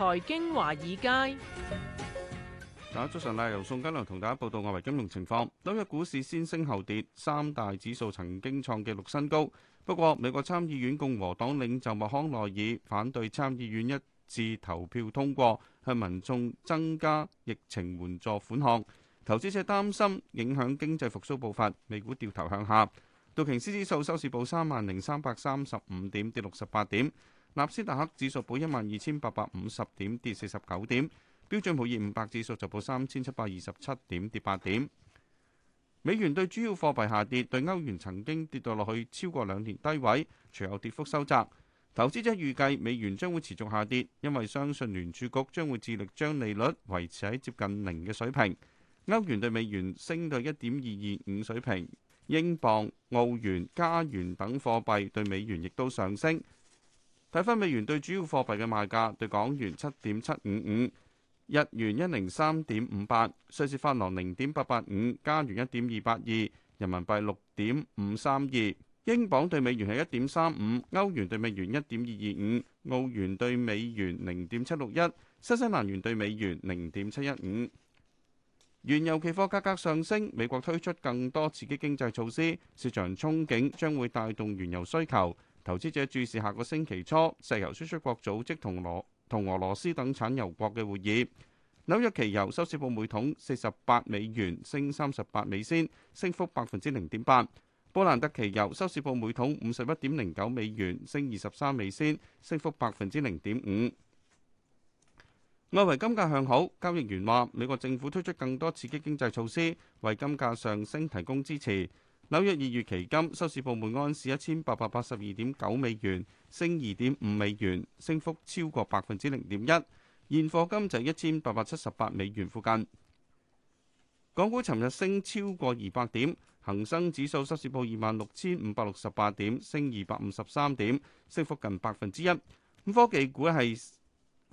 財經華爾街，大家早晨，由宋嘉良同大家報道外圍金融情況。今日股市先升後跌，三大指數曾經創紀錄新高。不過，美國參議院共和黨領袖麥康奈爾反對參議院一致投票通過向民眾增加疫情援助款項，投資者擔心影響經濟復蘇步伐，美股掉頭向下。道瓊斯指數收市報三萬零三百三十五點，跌六十八點。納斯達克指數報一萬二千八百五十點，跌四十九點。標準普爾五百指數就報三千七百二十七點，跌八點。美元對主要貨幣下跌，對歐元曾經跌到落去超過兩年低位，隨後跌幅收窄。投資者預計美元將會持續下跌，因為相信聯儲局將會致力將利率維持喺接近零嘅水平。歐元對美元升到一點二二五水平，英鎊、澳元、加元等貨幣對美元亦都上升。睇返美元對主要貨幣嘅賣價，對港元七點七五五，日元一零三點五八，瑞士法郎零點八八五，加元一點二八二，人民幣六點五三二，英鎊對美元係一點三五，歐元對美元一點二二五，澳元對美元零點七六一，新西蘭元對美元零點七一五。原油期貨價格上升，美國推出更多刺激經濟措施，市場憧憬將會帶動原油需求。投資者注視下個星期初石油輸出國組織同俄同俄羅斯等產油國嘅會議。紐約期油收市報每桶四十八美元，升三十八美仙，升幅百分之零點八。布蘭特期油收市報每桶五十一點零九美元，升二十三美仙，升幅百分之零點五。外圍金價向好，交易員話美國政府推出更多刺激經濟措施，為金價上升提供支持。紐約二月期金收市報每安士一千八百八十二點九美元，升二點五美元，升幅超過百分之零點一。現貨金就一千八百七十八美元附近。港股尋日升超過二百點，恒生指數收市報二萬六千五百六十八點，升二百五十三點，升幅近百分之一。科技股係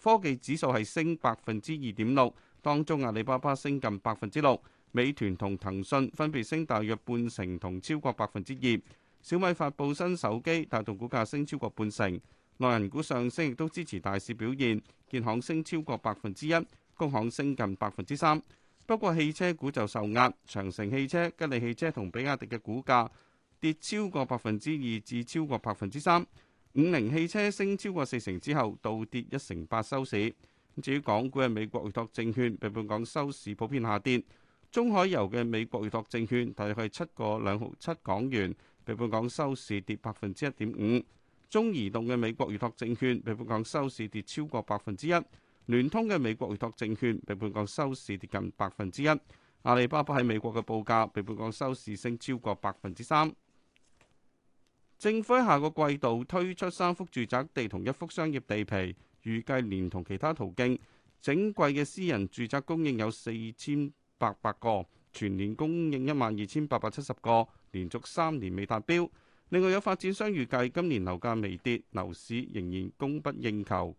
科技指數係升百分之二點六，當中阿里巴巴升近百分之六。美團同騰訊分別升大約半成同超過百分之二，小米發布新手機帶動股價升超過半成。內銀股上升亦都支持大市表現，建行升超過百分之一，工行升近百分之三。不過汽車股就受壓，長城汽車、吉利汽車同比亞迪嘅股價跌超過百分之二至超過百分之三。五菱汽車升超過四成之後倒跌一成八收市。至於港股嘅美國回託證券被半港收市普遍下跌。中海油嘅美國預託證券大約係七個兩毫七港元，被半港收市跌百分之一點五。中移動嘅美國預託證券被半港收市跌超過百分之一。聯通嘅美國預託證券被半港收市跌近百分之一。阿里巴巴喺美國嘅報價被半港收市升超過百分之三。政府喺下個季度推出三幅住宅地同一幅商業地皮，預計連同其他途徑，整季嘅私人住宅供應有四千八百,百個，全年供應一萬二千八百七十個，連續三年未達標。另外有發展商預計今年樓價微跌，樓市仍然供不應求。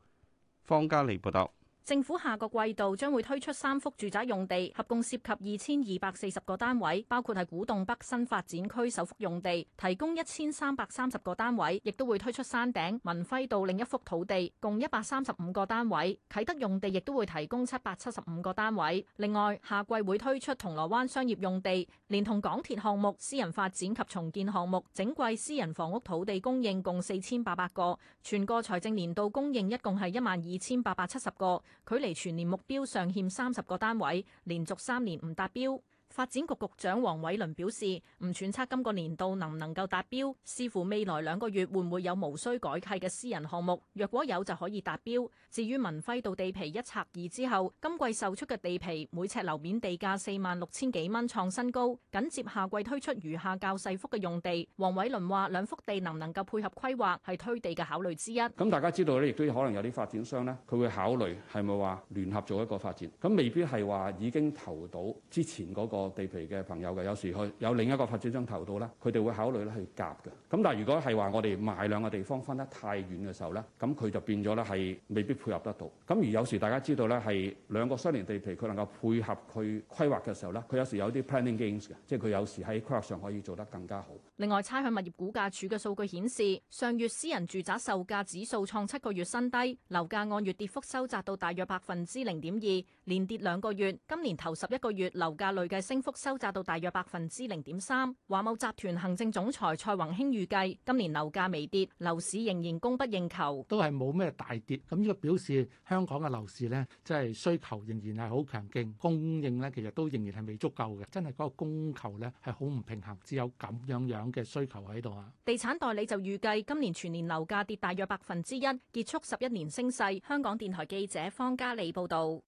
方家利報道。政府下個季度將會推出三幅住宅用地，合共涉及二千二百四十個單位，包括係古洞北新發展區首幅用地，提供一千三百三十個單位；亦都會推出山頂文輝道另一幅土地，共一百三十五個單位。啟德用地亦都會提供七百七十五個單位。另外，下季會推出銅鑼灣商業用地，連同港鐵項目、私人發展及重建項目，整季私人房屋土地供應共四千八百個。全個財政年度供應一共係一萬二千八百七十個。距離全年目標尚欠三十個單位，連續三年唔達標。發展局局長黃偉綸表示：唔揣測今個年度能唔能夠達標，視乎未來兩個月會唔會有無需改契嘅私人項目。若果有，就可以達標。至於文輝道地皮一拆二之後，今季售出嘅地皮每尺樓面地價四萬六千幾蚊創新高，緊接下季推出餘下較細幅嘅用地。黃偉綸話：兩幅地能唔能夠配合規劃，係推地嘅考慮之一。咁大家知道呢亦都可能有啲發展商呢，佢會考慮係咪話聯合做一個發展，咁未必係話已經投到之前嗰個。地皮嘅朋友嘅，有時去有另一個發展商投到咧，佢哋會考慮咧去夾嘅。咁但係如果係話我哋買兩個地方分得太遠嘅時候咧，咁佢就變咗咧係未必配合得到。咁而有時大家知道咧係兩個相連地皮，佢能夠配合佢規劃嘅時候咧，佢有時有啲 planning gains 嘅，即係佢有時喺規劃上可以做得更加好。另外，差餉物業估價署嘅數據顯示，上月私人住宅售價指數創七個月新低，樓價按月跌幅收窄到大約百分之零點二，連跌兩個月。今年頭十一個月樓價累計升收窄到大約百分之零點三。華懋集團行政總裁蔡宏興預計，今年樓價未跌，樓市仍然供不應求。都係冇咩大跌，咁呢個表示香港嘅樓市咧，即係需求仍然係好強勁，供應咧其實都仍然係未足夠嘅，真係嗰個供求咧係好唔平衡，只有咁樣樣嘅需求喺度啊。地產代理就預計，今年全年樓價跌大約百分之一，結束十一年升勢。香港電台記者方嘉莉報道。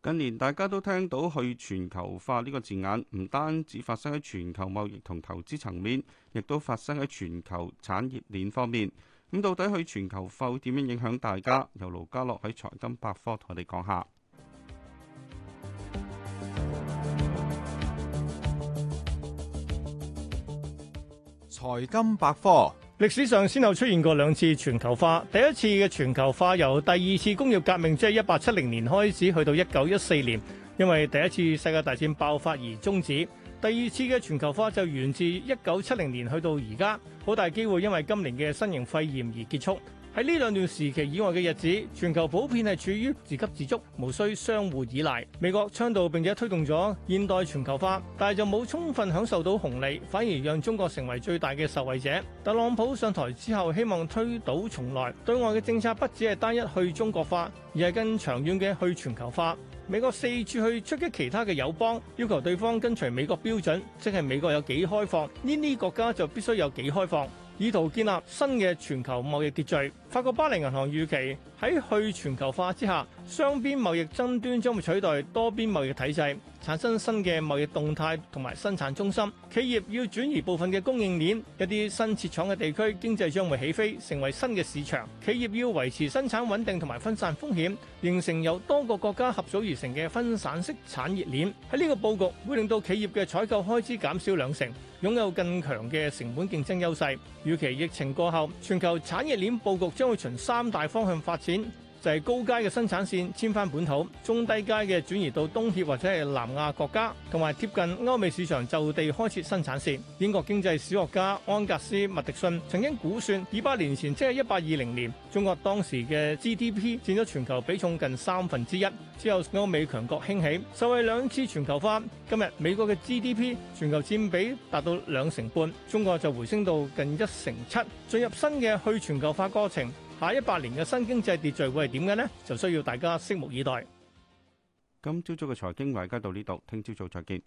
近年大家都聽到去全球化呢個字眼，唔單止發生喺全球貿易同投資層面，亦都發生喺全球產業鏈方面。咁到底去全球化會點樣影響大家？由盧家樂喺財金百科同我哋講下。財金百科。歷史上先後出現過兩次全球化，第一次嘅全球化由第二次工業革命即係一八七零年開始，去到一九一四年，因為第一次世界大戰爆發而終止。第二次嘅全球化就源自一九七零年現在，去到而家，好大機會因為今年嘅新型肺炎而結束。喺呢兩段時期以外嘅日子，全球普遍係處於自給自足，無需相互依賴。美國倡導並且推動咗現代全球化，但係就冇充分享受到紅利，反而讓中國成為最大嘅受惠者。特朗普上台之後，希望推倒重來，對外嘅政策不只係單一去中國化，而係更長遠嘅去全球化。美國四處去出擊其他嘅友邦，要求對方跟隨美國標準，即係美國有幾開放，呢啲國家就必須有幾開放。以圖建立新嘅全球貿易秩序。法國巴黎銀行預期喺去全球化之下，雙邊貿易爭端將會取代多邊貿易體制。產生新嘅貿易動態同埋生產中心，企業要轉移部分嘅供應鏈，一啲新設廠嘅地區經濟將會起飛，成為新嘅市場。企業要維持生產穩定同埋分散風險，形成由多個國家合組而成嘅分散式產業鏈。喺呢個佈局會令到企業嘅採購開支減少兩成，擁有更強嘅成本競爭優勢。預期疫情過後，全球產業鏈佈局將會循三大方向發展。就係、是、高階嘅生產線遷翻本土，中低階嘅轉移到東協或者係南亞國家，同埋貼近歐美市場就地開設生產線。英國經濟史學家安格斯麥迪遜曾經估算，二百年前即係一八二零年，中國當時嘅 GDP 佔咗全球比重近三分之一。之後歐美強國興起，受惠兩次全球化。今日美國嘅 GDP 全球佔比達到兩成半，中國就回升到近一成七，進入新嘅去全球化過程。下一百年嘅新經濟秩序會係點嘅呢？就需要大家拭目以待。今朝早嘅財經華爾街到呢度，聽朝早再見。